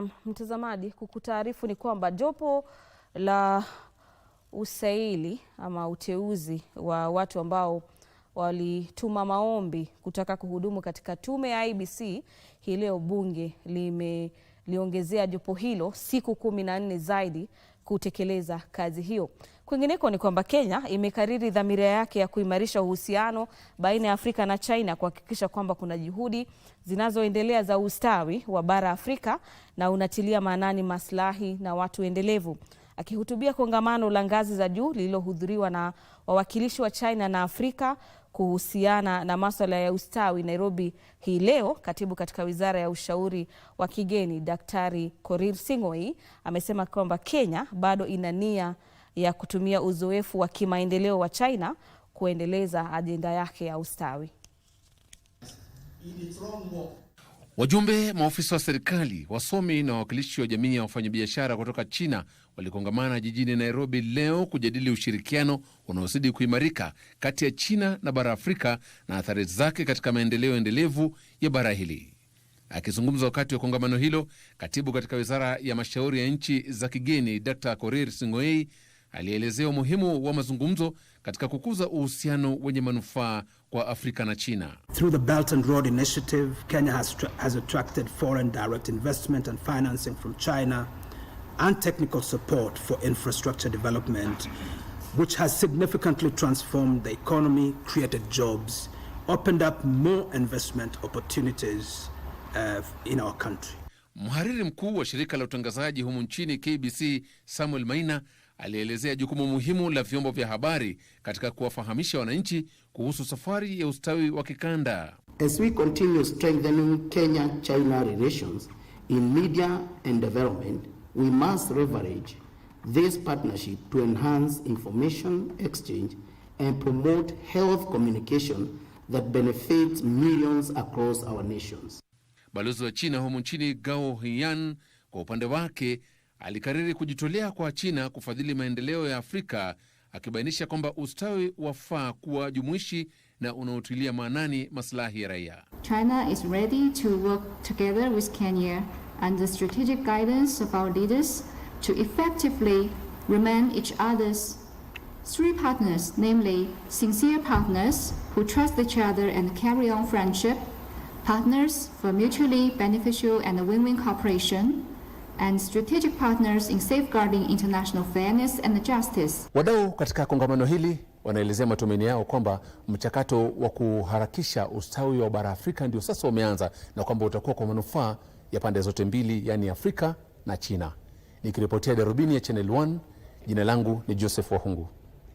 Naam, mtazamaji, kukutaarifu ni kwamba jopo la usaili ama uteuzi wa watu ambao walituma maombi kutaka kuhudumu katika tume ya IEBC hii leo bunge lime liongezea jopo hilo siku kumi na nne zaidi kutekeleza kazi hiyo. Kwingineko ni kwamba Kenya imekariri dhamira yake ya kuimarisha uhusiano baina ya Afrika na China kuhakikisha kwamba kuna juhudi zinazoendelea za ustawi wa bara Afrika na unatilia maanani maslahi na watu endelevu. Akihutubia kongamano la ngazi za juu lililohudhuriwa na wawakilishi wa China na Afrika kuhusiana na maswala ya ustawi Nairobi hii leo, katibu katika wizara ya ushauri wa kigeni Daktari Korir Sing'oei amesema kwamba Kenya bado ina nia ya kutumia uzoefu wa kimaendeleo wa China kuendeleza ajenda yake ya ustawi. Wajumbe, maofisa wa serikali, wasomi na wawakilishi wa jamii ya wafanyabiashara kutoka China walikongamana jijini Nairobi leo kujadili ushirikiano unaozidi kuimarika kati ya China na bara Afrika na athari zake katika maendeleo endelevu ya bara hili. Akizungumza wakati wa kongamano hilo, katibu katika wizara ya mashauri ya nchi za kigeni Dr Korir Sing'oei alielezea umuhimu wa mazungumzo katika kukuza uhusiano wenye manufaa kwa Afrika na China. Through the Belt and Road Initiative, Kenya has, has attracted foreign direct investment and financing from China and technical support for infrastructure development which has significantly transformed the economy, created jobs, opened up more investment opportunities uh, in our country. Mhariri mkuu wa shirika la utangazaji humu nchini KBC Samuel Maina alielezea jukumu muhimu la vyombo vya habari katika kuwafahamisha wananchi kuhusu safari ya ustawi wa kikanda. As we continue strengthening Kenya China relations in media and development, we must leverage this partnership to enhance information exchange and promote health communication that benefits millions across our nations. Balozi wa China humu nchini Gao Hian kwa upande wake alikariri kujitolea kwa China kufadhili maendeleo ya Afrika, akibainisha kwamba ustawi wafaa kuwa jumuishi na unaotilia maanani masilahi ya raia. China is ready to work together with Kenya under strategic guidance of our leaders to effectively remain each other's three partners, namely sincere partners who trust each other and carry on friendship, partners for mutually beneficial and win-win cooperation and strategic partners in safeguarding international fairness and justice. Wadau katika kongamano hili wanaelezea matumaini yao kwamba mchakato wa kuharakisha ustawi wa bara Afrika ndio sasa umeanza na kwamba utakuwa kwa manufaa ya pande zote mbili, yaani Afrika na China. Nikiripotia darubini ya Channel 1, jina langu ni Joseph Wahungu.